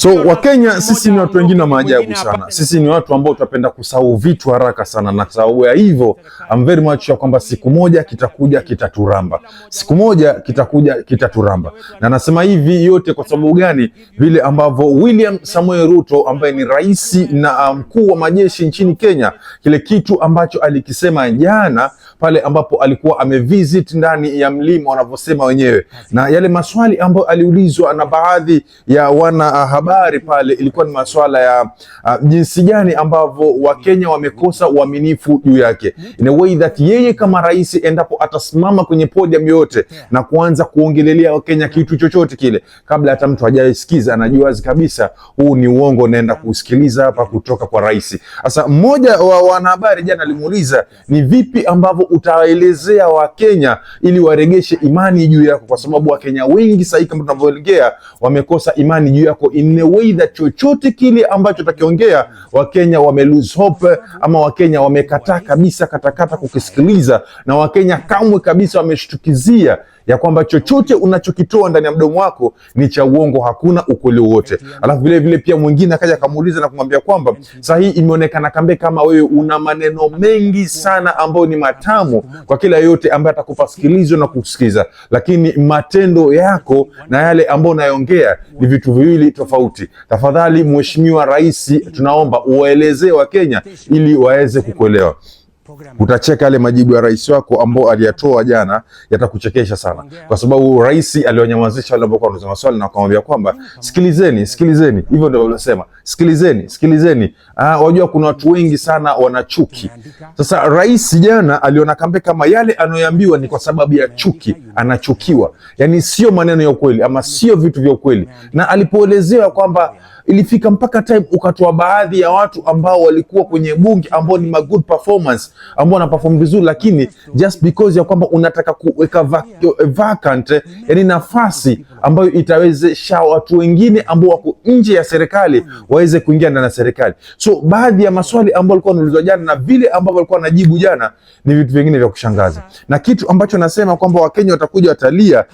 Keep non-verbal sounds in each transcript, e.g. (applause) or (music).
So Wakenya sisi ni watu wengine wa maajabu sana. Sisi ni watu ambao tutapenda kusahau vitu haraka sana, na sababu ya hivyo I'm very much ya kwamba siku moja kitakuja kitaturamba, siku moja kitakuja kitaturamba. Na nasema hivi yote kwa sababu gani? Vile ambavyo William Samuel Ruto ambaye ni rais na uh, mkuu um, wa majeshi nchini Kenya, kile kitu ambacho alikisema jana pale ambapo alikuwa amevisit ndani ya mlima wanavyosema wenyewe, na yale maswali ambayo aliulizwa na baadhi ya wana uh, habari pale ilikuwa ni masuala ya uh, jinsi gani ambavyo Wakenya wamekosa uaminifu juu yake, in a way that yeye kama rais endapo atasimama kwenye podium yoyote na kuanza kuongelelea Wakenya kitu chochote kile, kabla hata mtu hajaisikiza, anajua wazi kabisa huu ni uongo naenda kusikiliza hapa kutoka kwa rais. Sasa mmoja wa wanahabari jana alimuuliza ni vipi ambavyo utawaelezea Wakenya ili waregeshe imani juu yako, kwa sababu Wakenya wengi sahii kama tunavyoelekea wamekosa imani juu yako in that chochote kile ambacho takiongea, Wakenya wame lose hope, ama Wakenya wamekataa kabisa katakata kukisikiliza, na Wakenya kamwe kabisa wameshtukizia ya kwamba chochote unachokitoa ndani ya mdomo wako ni cha uongo, hakuna ukweli wowote. Alafu vile vile pia mwingine akaja akamuuliza na kumwambia kwamba saa hii imeonekana kambe kama wewe una maneno mengi sana ambayo ni matamu kwa kila yoyote ambaye atakupa sikilizo na kusikiza, lakini matendo yako na yale ambayo unayoongea ni vitu viwili tofauti. Tafadhali Mheshimiwa Rais, tunaomba uwaelezee wa kenya ili waweze kukuelewa utacheka yale majibu ya rais wako ambao aliyatoa jana yatakuchekesha sana, kwa sababu rais aliwanyamazisha wale ambao wanauliza maswali na wakamwambia kwamba sikilizeni, sikilizeni. Hivyo ndio wanasema sikilizeni, sikilizeni. Ah, wajua kuna watu wengi sana wana chuki. Sasa rais jana aliona kambe kama yale anayoambiwa ni kwa sababu ya chuki, anachukiwa, yani sio maneno ya ukweli ama sio vitu vya ukweli, na alipoelezewa kwamba ilifika mpaka time ukatoa baadhi ya watu ambao walikuwa kwenye bunge ambao ni ma good performance ambao wanaperform vizuri, lakini just because ya kwamba unataka kuweka vacant, eh, yani nafasi ambayo itawezesha watu wengine ambao wako nje ya serikali waweze kuingia ndani ya serikali. So baadhi ya maswali ambayo alikuwa anaulizwa jana na vile ambavyo alikuwa anajibu jana ni vitu vingine vya kushangaza, na kitu ambacho nasema kwamba Wakenya watakuja watalia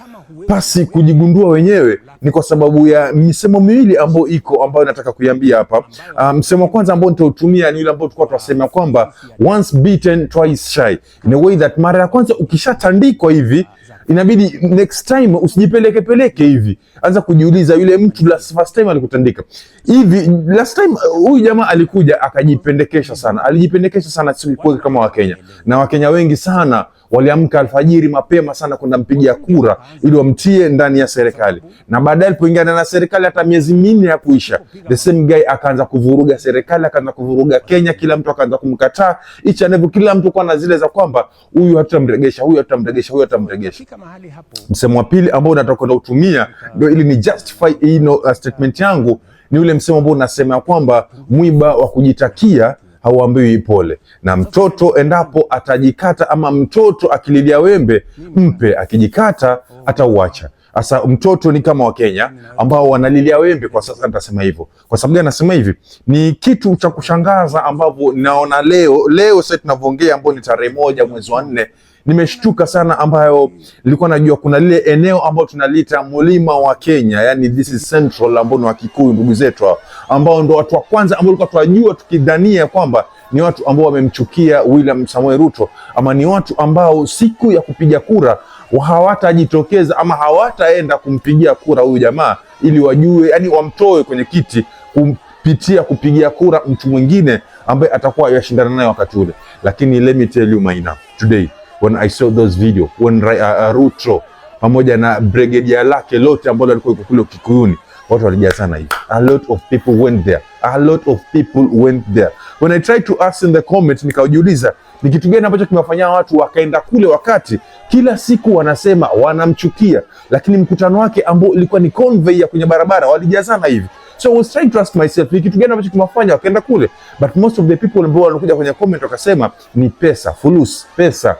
pasi kujigundua wenyewe ni kwa sababu ya misemo miwili ambayo iko ambayo nataka kuiambia hapa. Ah, msemo wa kwanza ambao nitautumia ni yule ambao tulikuwa tunasema kwamba once beaten twice shy, in a way that mara ya kwanza ukishatandikwa hivi inabidi next time usijipeleke peleke hivi, anza kujiuliza yule mtu last first time alikutandika hivi. Last time uh, huyu jamaa alikuja akajipendekesha sana, alijipendekesha sana, sikuwa kama Wakenya na Wakenya wengi sana waliamka alfajiri mapema sana kwenda mpiga kura ili wamtie ndani ya serikali, na baadaye alipoingiana na serikali hata miezi minne ya kuisha, the same guy akaanza kuvuruga serikali, akaanza kuvuruga Kenya, kila mtu akaanza kumkataa and every, kila mtu kwa na zile za kwamba huyu hatamregesha, huyu hatamregesha, huyu hatamregesha. Msemo wa pili ambao nataka kwenda utumia ndio ili ni justify you know, uh, statement yangu ni ule msemo ambao unasema kwamba mwiba wa kujitakia hauambiwi pole. Na mtoto endapo atajikata ama mtoto akililia wembe, mpe, akijikata atauacha. Sasa mtoto ni kama Wakenya ambao wanalilia wembe kwa sasa. Nitasema hivyo kwa sababu gani? Nasema hivi ni kitu cha kushangaza ambavyo naona leo leo sasa tunavyoongea, ambao ni tarehe moja mwezi wa nne nimeshtuka sana, ambayo nilikuwa najua kuna lile eneo ambalo tunaliita mlima wa Kenya, yani this is central, ambao ni wa Kikuyu ndugu zetu hao, ambao ndo watu wa kwanza ambao tulikuwa tunajua tukidhania kwamba ni watu ambao wamemchukia William Samoei Ruto, ama ni watu ambao siku ya kupiga kura hawatajitokeza ama hawataenda kumpigia kura huyu jamaa, ili wajue, yani wamtoe kwenye kiti kupitia kupigia kura mtu mwingine ambaye atakuwa yashindana naye wakati ule. Lakini let me tell you Maina today when I saw those video when uh, uh, Ruto pamoja na brigedia lake lote ambalo alikuwa iko kule Kikuyuni, watu walijaa sana hivi. A lot of people went there, a lot of people went there. When I tried to ask in the comment, nikajiuliza ni kitu gani ambacho kimewafanyia watu wakaenda kule, wakati kila siku wanasema wanamchukia, lakini mkutano wake ambao ulikuwa ni convey ya kwenye barabara sana hivi. So I was trying to ask myself ni kitu gani ambacho kimewafanya wakaenda kule, but most of the people ambao walikuja kwenye comment wakasema ni pesa, fulusi, pesa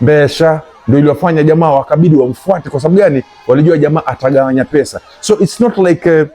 Besha ndio iliwafanya jamaa wakabidi wamfuate. Kwa sababu gani? Walijua jamaa atagawanya pesa, so it's not like uh,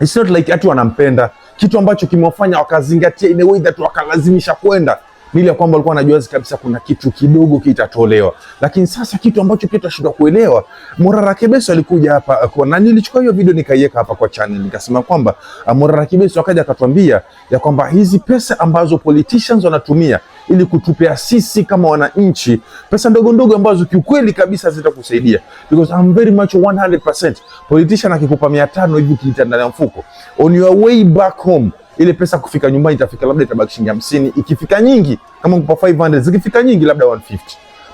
it's not like hatu wanampenda. Kitu ambacho kimewafanya wakazingatia in a way that wakalazimisha kwenda nili ya kwamba walikuwa wanajua kabisa kuna kitu kidogo kitatolewa, lakini sasa kitu ambacho pia tunashindwa kuelewa. Morara Kibeso alikuja hapa kwa nani? nilichukua hiyo video nikaiweka hapa kwa channel, nikasema kwamba uh, Morara Kibeso akaja akatwambia ya kwamba hizi pesa ambazo politicians wanatumia ili kutupea sisi kama wananchi pesa ndogo ndogo ambazo kiukweli kabisa zitakusaidia, because I'm very much 100% politician akikupa 500 hivi ndani ya mfuko on your way back home ile pesa kufika nyumbani itafika labda itabaki shilingi hamsini. Ikifika nyingi kama kupa 500, zikifika nyingi labda 150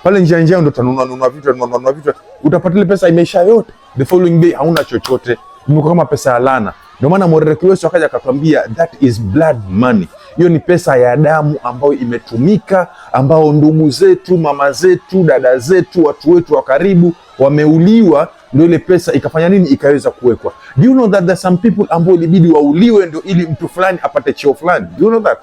pale njia njia ndo tanunua nunua vitu nunua nunua vitu, utapata ile pesa imeisha yote. The following day hauna chochote, umekuwa kama pesa ya lana. Ndio maana Mordekai akaja akatwambia that is blood money hiyo ni pesa ya damu ambayo imetumika, ambao ndugu zetu, mama zetu, dada zetu, watu wetu wa karibu wameuliwa, ndio ile pesa ikafanya nini, ikaweza kuwekwa. Do you know that there are some people ambao ilibidi wauliwe ndio ili mtu fulani apate cheo fulani? Do you know that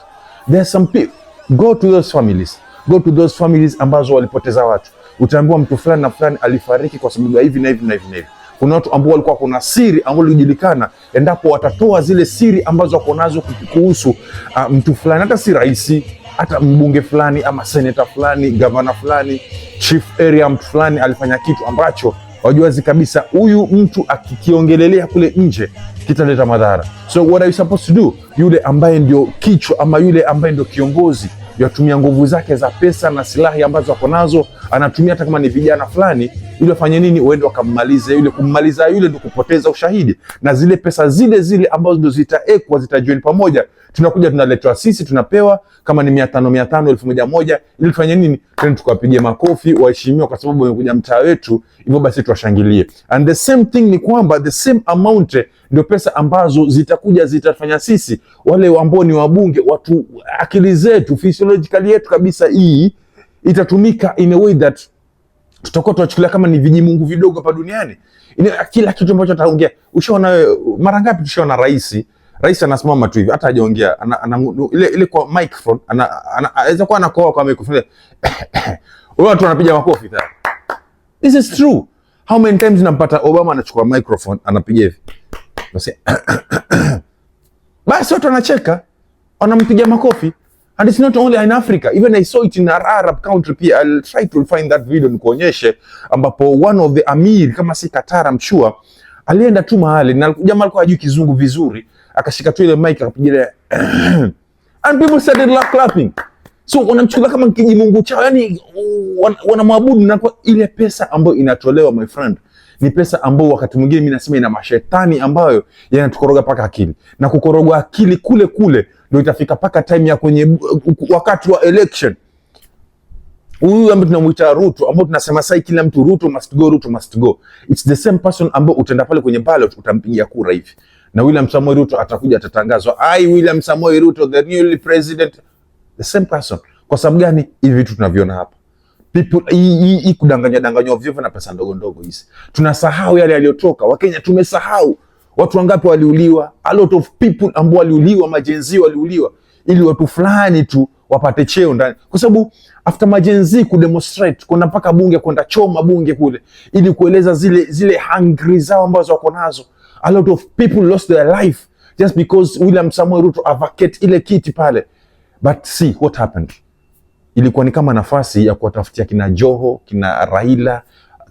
there are some people, go to those families, go to those families ambazo walipoteza watu, utaambiwa mtu fulani na fulani alifariki kwa sababu ya hivi na hivi na hivi na hivi kuna watu ambao walikuwa wako na siri ambao lijulikana, endapo watatoa zile siri ambazo wako nazo kuhusu uh, mtu fulani, hata si rais, hata mbunge fulani ama seneta fulani, gavana fulani, chief area mtu fulani alifanya kitu ambacho wajuazi kabisa huyu mtu akikiongelelea kule nje kitaleta madhara. So what are you supposed to do? Yule ambaye ndio kichwa ama yule ambaye ndio kiongozi yatumia nguvu zake za pesa na silaha ambazo ako nazo, anatumia hata kama ni vijana fulani ili wafanye nini, uende wakammalize yule. Kummaliza yule ndio kupoteza ushahidi, na zile pesa zile zile ambazo ndio zitaekwa zitajoin pamoja, tunakuja tunaletwa sisi, tunapewa kama ni mia tano mia tano elfu moja moja, ili tufanye nini? Tena tukawapigia makofi waheshimiwa, kwa sababu wamekuja mtaa wetu, hivyo basi tuwashangilie. And the same thing ni kwamba the same amount ndio pesa ambazo zitakuja zitafanya sisi wale ambao ni wabunge, watu akili zetu physiologically yetu kabisa, hii itatumika in a way that tutakuwa tunachukulia kama ni vijimungu vidogo hapa duniani. Kila kitu ambacho ataongea, ushaona eh, mara ngapi? Tushaona rais rais anasimama tu hivi, hata hajaongea, ile ile kwa microphone, anaweza kuwa anakoa kwa microphone, wewe (coughs) watu wanapiga makofi. tayari. This is true. How many times unampata Obama anachukua microphone anapiga hivi basi, (coughs) watu wanacheka, wanampiga makofi. And it's not only in Africa. Even I saw it in an Arab country pia. I'll try to find that video nikuonyeshe, ambapo one of the amir kama si Katara mchua alienda tu mahali na jamaa alikuwa hajui kizungu vizuri, akashika tu ile mic akapiga (clears throat) and people started laugh, clapping. So wanamchukulia kama kijimungu chao, yani wanamwabudu. Na ile pesa ambayo inatolewa my friend ni pesa ambayo wakati mwingine mimi nasema ina mashetani ambayo yanatukoroga paka akili na kukorogwa akili kule kule ndio itafika paka time ya kwenye uh, wakati wa election. Huyu ambaye tunamuita Ruto, ambaye tunasema sasa kila mtu Ruto must go, Ruto must go, it's the same person ambaye utaenda pale kwenye ballot utampigia kura hivi, na William Samoei Ruto atakuja atatangazwa, ai, William Samoei Ruto the new president, the same person. Kwa sababu gani? Hivi vitu tunaviona hapa people hii kudanganya danganywa vyovyo na pesa ndogo ndogo hizi, tunasahau yale yaliyotoka. Wakenya tumesahau Watu wangapi waliuliwa? A lot of people ambao waliuliwa, majenzi waliuliwa ili watu fulani tu wapate cheo ndani, kwa sababu after majenzi ku demonstrate kuna mpaka bunge kwenda choma bunge kule, ili kueleza zile zile hungry zao ambazo wako nazo. A lot of people lost their life just because William Samoei Ruto avacate ile kiti pale, but see what happened. Ilikuwa ni kama nafasi ya kuwatafutia kina Joho, kina Raila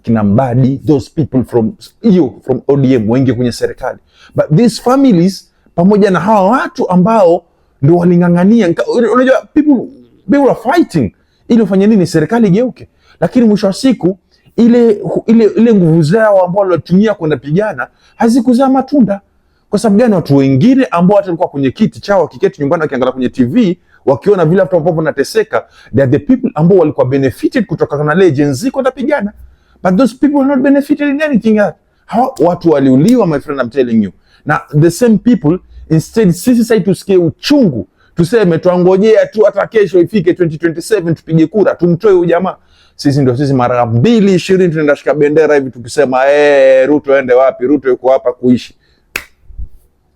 kina Mbadi, those people from hiyo from ODM wengi kwenye serikali, but these families pamoja na hawa watu ambao ndo waling'ang'ania, unajua people they were fighting ili ufanye nini, serikali geuke. lakini mwisho wa siku ile ile ile nguvu zao ambao walitumia kwenda pigana hazikuzaa matunda. Kwa sababu gani? Watu wengine ambao hata walikuwa kwenye kiti chao wakiketi nyumbani wakiangalia kwenye TV wakiona vile watu ambao wanateseka, they are the people ambao walikuwa benefited kutoka na legends ziko watapigana but those people are not benefited in anything else. Hao watu waliuliwa, my friend, I'm telling you. Na the same people instead, sisi sai tusikie uchungu, tuseme twangojea tu hata kesho ifike 2027 tupige kura tumtoe huyu jamaa. Sisi ndio sisi, mara mbili ishirini tunaenda shika bendera hivi tukisema eh, Ruto ende wapi? Ruto yuko hapa kuishi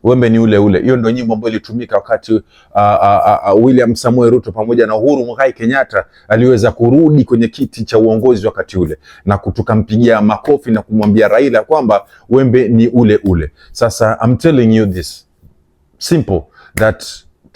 wembe ni ule ule. Hiyo ndio nyimbo ambayo ilitumika wakati uh, uh, uh, William Samoei Ruto pamoja na Uhuru Muigai Kenyatta aliweza kurudi kwenye kiti cha uongozi wakati ule, na tukampigia makofi na kumwambia Raila kwamba wembe ni ule ule. Sasa I'm telling you this simple that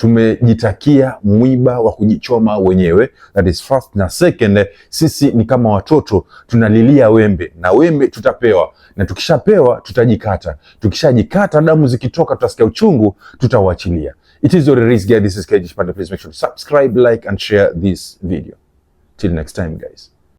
tumejitakia mwiba wa kujichoma wenyewe, that is first. Na second, sisi ni kama watoto tunalilia wembe, na wembe tutapewa, na tukishapewa tutajikata. Tukishajikata, damu zikitoka, tutasikia uchungu, tutawachilia. It is your risk, guy. This is KG Chipande. Please make sure to subscribe, like and share this video. Till next time guys.